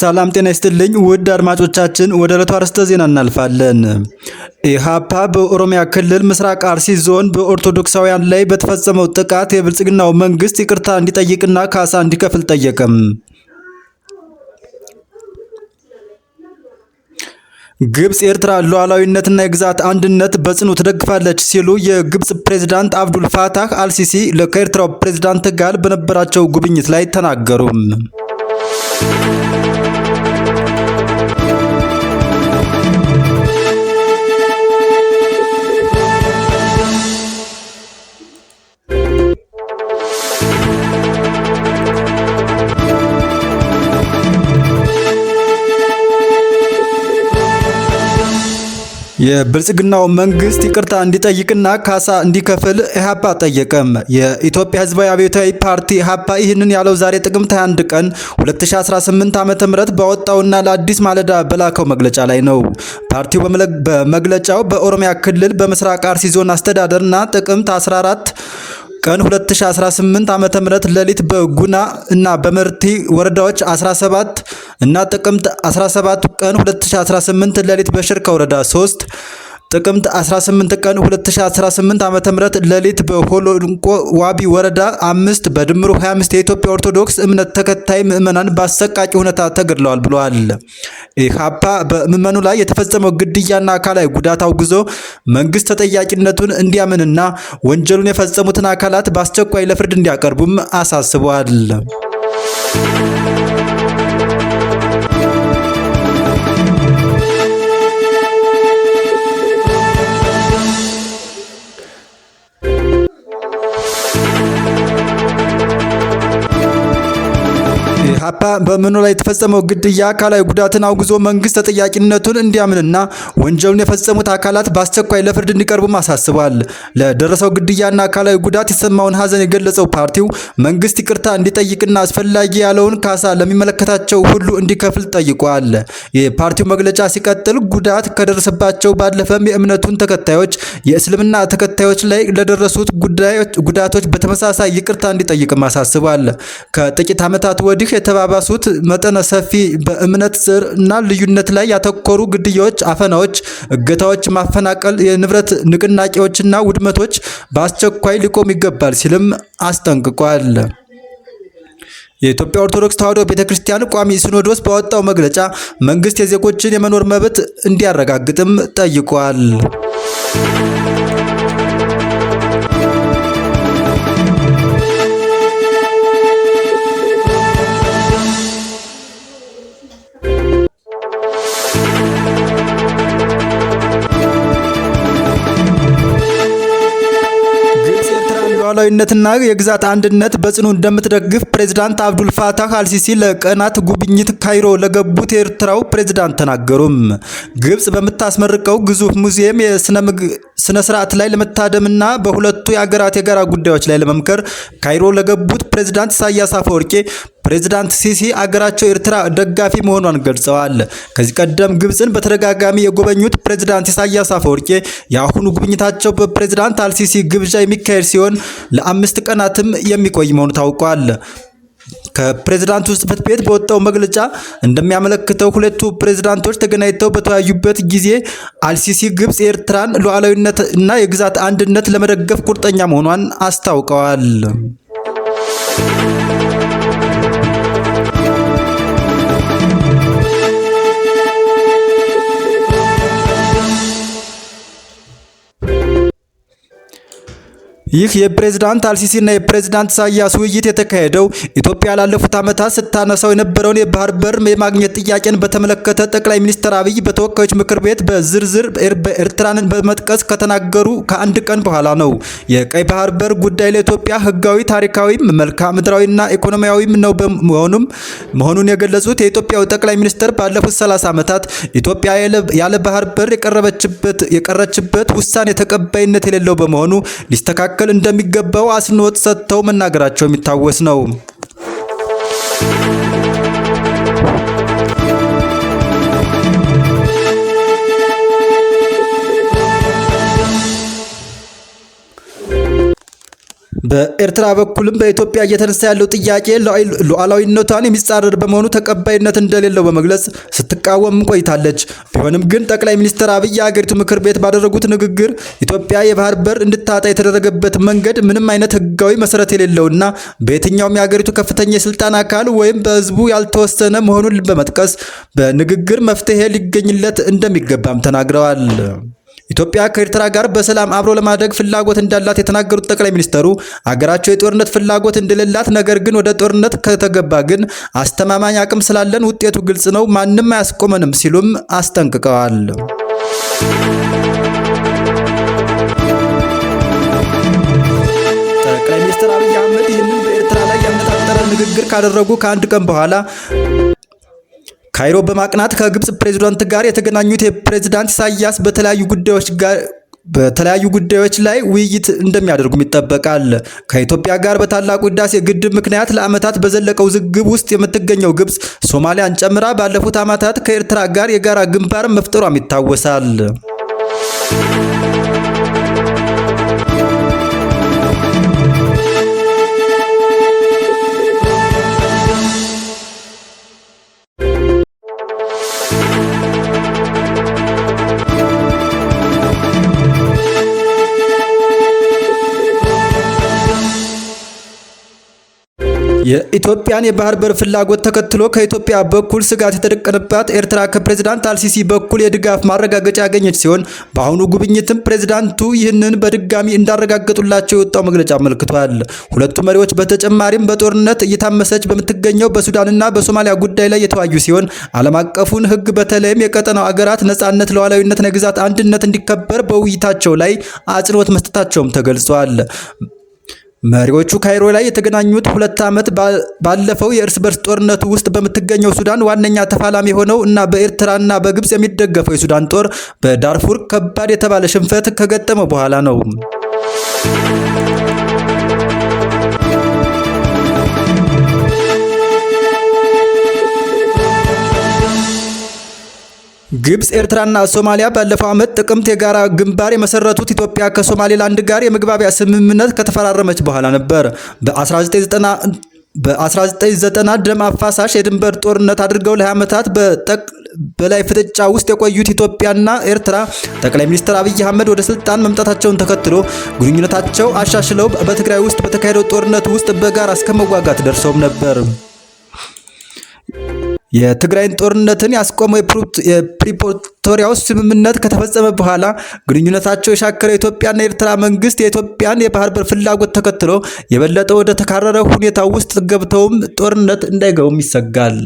ሰላም ጤና ይስጥልኝ ውድ አድማጮቻችን፣ ወደ ዕለቱ አርዕስተ ዜና እናልፋለን። ኢህአፓ በኦሮሚያ ክልል ምስራቅ አርሲ ዞን በኦርቶዶክሳውያን ላይ በተፈጸመው ጥቃት የብልጽግናው መንግስት ይቅርታ እንዲጠይቅና ካሳ እንዲከፍል ጠየቅም። ግብፅ ኤርትራ ሉዓላዊነትና የግዛት አንድነት በጽኑ ትደግፋለች ሲሉ የግብፅ ፕሬዝዳንት አብዱል ፋታህ አልሲሲ ከኤርትራው ፕሬዝዳንት ጋር በነበራቸው ጉብኝት ላይ ተናገሩም። የብልጽግናው መንግስት ይቅርታ እንዲጠይቅና ካሳ እንዲከፍል ኢህአፓ ጠየቀም። የኢትዮጵያ ህዝባዊ አብዮታዊ ፓርቲ ኢህአፓ ይህንን ያለው ዛሬ ጥቅምት 21 ቀን 2018 ዓ.ም ባወጣውና ለአዲስ ማለዳ በላከው መግለጫ ላይ ነው። ፓርቲው በመግለጫው በኦሮሚያ ክልል በምስራቅ አርሲ ዞን አስተዳደርና ጥቅምት 14 ቀን 2018 ዓ.ም ሌሊት በጉና እና በመርቲ ወረዳዎች 17 እና ጥቅምት 17 ቀን 2018 ሌሊት በሽርካ ወረዳ 3 ጥቅምት 18 ቀን 2018 ዓ ም ሌሊት በሆሎንቆ ዋቢ ወረዳ አምስት በድምሩ 25 የኢትዮጵያ ኦርቶዶክስ እምነት ተከታይ ምዕመናን በአሰቃቂ ሁኔታ ተገድለዋል ብለዋል። ኢህአፓ በምዕመኑ ላይ የተፈጸመው ግድያና አካላዊ ጉዳት አውግዞ መንግስት ተጠያቂነቱን እንዲያምንና ወንጀሉን የፈጸሙትን አካላት በአስቸኳይ ለፍርድ እንዲያቀርቡም አሳስቧል። ኢህአፓ በመኖ ላይ የተፈጸመው ግድያ አካላዊ ጉዳትን አውግዞ መንግስት ተጠያቂነቱን እንዲያምንና ወንጀሉን የፈጸሙት አካላት በአስቸኳይ ለፍርድ እንዲቀርቡም አሳስቧል። ለደረሰው ግድያና አካላዊ ጉዳት የሰማውን ሀዘን የገለጸው ፓርቲው መንግስት ይቅርታ እንዲጠይቅና አስፈላጊ ያለውን ካሳ ለሚመለከታቸው ሁሉ እንዲከፍል ጠይቋል። የፓርቲው መግለጫ ሲቀጥል ጉዳት ከደረሰባቸው ባለፈም የእምነቱን ተከታዮች የእስልምና ተከታዮች ላይ ለደረሱት ጉዳቶች በተመሳሳይ ይቅርታ እንዲጠይቅም አሳስቧል። ከጥቂት ዓመታት ወዲህ የተባባሱት መጠነ ሰፊ በእምነት ዘር እና ልዩነት ላይ ያተኮሩ ግድያዎች፣ አፈናዎች፣ እገታዎች፣ ማፈናቀል፣ የንብረት ንቅናቄዎችና ውድመቶች በአስቸኳይ ሊቆም ይገባል ሲልም አስጠንቅቋል። የኢትዮጵያ ኦርቶዶክስ ተዋሕዶ ቤተ ክርስቲያን ቋሚ ሲኖዶስ ባወጣው መግለጫ መንግስት የዜጎችን የመኖር መብት እንዲያረጋግጥም ጠይቋል። ሉዓላዊነትና የግዛት አንድነት በጽኑ እንደምትደግፍ ፕሬዚዳንት አብዱል ፋታህ አልሲሲ ለቀናት ጉብኝት ካይሮ ለገቡት የኤርትራው ፕሬዚዳንት ተናገሩም። ግብጽ በምታስመርቀው ግዙፍ ሙዚየም የስነ ስርዓት ላይ ለመታደምና በሁለቱ የአገራት የጋራ ጉዳዮች ላይ ለመምከር ካይሮ ለገቡት ፕሬዚዳንት ኢሳያስ አፈወርቄ ፕሬዚዳንት ሲሲ አገራቸው ኤርትራ ደጋፊ መሆኗን ገልጸዋል። ከዚህ ቀደም ግብፅን በተደጋጋሚ የጎበኙት ፕሬዚዳንት ኢሳያስ አፈወርቂ የአሁኑ ጉብኝታቸው በፕሬዚዳንት አልሲሲ ግብዣ የሚካሄድ ሲሆን ለአምስት ቀናትም የሚቆይ መሆኑ ታውቋል። ከፕሬዝዳንቱ ጽሕፈት ቤት በወጣው መግለጫ እንደሚያመለክተው ሁለቱ ፕሬዝዳንቶች ተገናኝተው በተወያዩበት ጊዜ አልሲሲ ግብፅ የኤርትራን ሉዓላዊነት እና የግዛት አንድነት ለመደገፍ ቁርጠኛ መሆኗን አስታውቀዋል። ይህ የፕሬዝዳንት እና የፕሬዝዳንት ኢሳያስ ውይይት የተካሄደው ኢትዮጵያ ላለፉት ዓመታት ስታነሳው የነበረውን የባህር በር የማግኘት ጥያቄን በተመለከተ ጠቅላይ ሚኒስትር አብይ በተወካዮች ምክር ቤት በዝርዝር ኤርትራን በመጥቀስ ከተናገሩ ከአንድ ቀን በኋላ ነው። የቀይ ባህር በር ጉዳይ ለኢትዮጵያ ህጋዊ ታሪካዊ፣ መልክዓ ምድራዊና ኢኮኖሚያዊም ነው በመሆኑም መሆኑን የገለጹት የኢትዮጵያው ጠቅላይ ሚኒስትር ባለፉት 30 ዓመታት ኢትዮጵያ ያለ ባህር በር የቀረችበት ውሳኔ ተቀባይነት የሌለው በመሆኑ ሊስተካከል መካከል እንደሚገባው አጽንኦት ሰጥተው መናገራቸው የሚታወስ ነው። በኤርትራ በኩልም በኢትዮጵያ እየተነሳ ያለው ጥያቄ ሉዓላዊነቷን የሚጻረር በመሆኑ ተቀባይነት እንደሌለው በመግለጽ ስትቃወም ቆይታለች። ቢሆንም ግን ጠቅላይ ሚኒስትር አብይ አገሪቱ ምክር ቤት ባደረጉት ንግግር ኢትዮጵያ የባህር በር እንድታጣ የተደረገበት መንገድ ምንም አይነት ህጋዊ መሰረት የሌለውና በየትኛውም የሀገሪቱ ከፍተኛ የስልጣን አካል ወይም በህዝቡ ያልተወሰነ መሆኑን በመጥቀስ በንግግር መፍትሄ ሊገኝለት እንደሚገባም ተናግረዋል። ኢትዮጵያ ከኤርትራ ጋር በሰላም አብሮ ለማደግ ፍላጎት እንዳላት የተናገሩት ጠቅላይ ሚኒስተሩ አገራቸው የጦርነት ፍላጎት እንደሌላት፣ ነገር ግን ወደ ጦርነት ከተገባ ግን አስተማማኝ አቅም ስላለን ውጤቱ ግልጽ ነው፣ ማንም አያስቆመንም ሲሉም አስጠንቅቀዋል። ጠቅላይ ሚኒስትር አብይ አህመድ ይህንን በኤርትራ ላይ ያነጣጠረ ንግግር ካደረጉ ከአንድ ቀን በኋላ ካይሮ በማቅናት ከግብጽ ፕሬዝዳንት ጋር የተገናኙት የፕሬዝዳንት ኢሳያስ በተለያዩ ጉዳዮች ጋር በተለያዩ ጉዳዮች ላይ ውይይት እንደሚያደርጉም ይጠበቃል። ከኢትዮጵያ ጋር በታላቁ ህዳሴ ግድብ ምክንያት ለዓመታት በዘለቀው ውዝግብ ውስጥ የምትገኘው ግብፅ ሶማሊያን ጨምራ ባለፉት ዓመታት ከኤርትራ ጋር የጋራ ግንባር መፍጠሯም ይታወሳል። ኢትዮጵያን የባህር በር ፍላጎት ተከትሎ ከኢትዮጵያ በኩል ስጋት የተደቀነባት ኤርትራ ከፕሬዝዳንት አልሲሲ በኩል የድጋፍ ማረጋገጫ ያገኘች ሲሆን በአሁኑ ጉብኝትም ፕሬዝዳንቱ ይህንን በድጋሚ እንዳረጋገጡላቸው የወጣው መግለጫ አመልክቷል። ሁለቱ መሪዎች በተጨማሪም በጦርነት እየታመሰች በምትገኘው በሱዳንና በሶማሊያ ጉዳይ ላይ የተወያዩ ሲሆን ዓለም አቀፉን ሕግ በተለይም የቀጠናው አገራት ነጻነት፣ ሉዓላዊነትና የግዛት አንድነት እንዲከበር በውይይታቸው ላይ አጽንኦት መስጠታቸውም ተገልጿል። መሪዎቹ ካይሮ ላይ የተገናኙት ሁለት ዓመት ባለፈው የእርስ በርስ ጦርነቱ ውስጥ በምትገኘው ሱዳን ዋነኛ ተፋላሚ የሆነው እና በኤርትራና በግብፅ የሚደገፈው የሱዳን ጦር በዳርፉር ከባድ የተባለ ሽንፈት ከገጠመው በኋላ ነው። ግብጽ፣ ኤርትራና ሶማሊያ ባለፈው ዓመት ጥቅምት የጋራ ግንባር የመሰረቱት ኢትዮጵያ ከሶማሌላንድ ጋር የመግባቢያ ስምምነት ከተፈራረመች በኋላ ነበር። በ1990 ደም አፋሳሽ የድንበር ጦርነት አድርገው ለ20 ዓመታት በላይ ፍጥጫ ውስጥ የቆዩት ኢትዮጵያና ኤርትራ ጠቅላይ ሚኒስትር አብይ አህመድ ወደ ስልጣን መምጣታቸውን ተከትሎ ግንኙነታቸው አሻሽለው በትግራይ ውስጥ በተካሄደው ጦርነት ውስጥ በጋራ እስከ መዋጋት ደርሰውም ነበር። የትግራይን ጦርነትን ያስቆመው የፕሪቶሪያው ስምምነት ከተፈጸመ በኋላ ግንኙነታቸው የሻከረው ኢትዮጵያና የኤርትራ መንግስት የኢትዮጵያን የባህር በር ፍላጎት ተከትሎ የበለጠ ወደ ተካረረ ሁኔታ ውስጥ ገብተውም ጦርነት እንዳይገቡም ይሰጋል።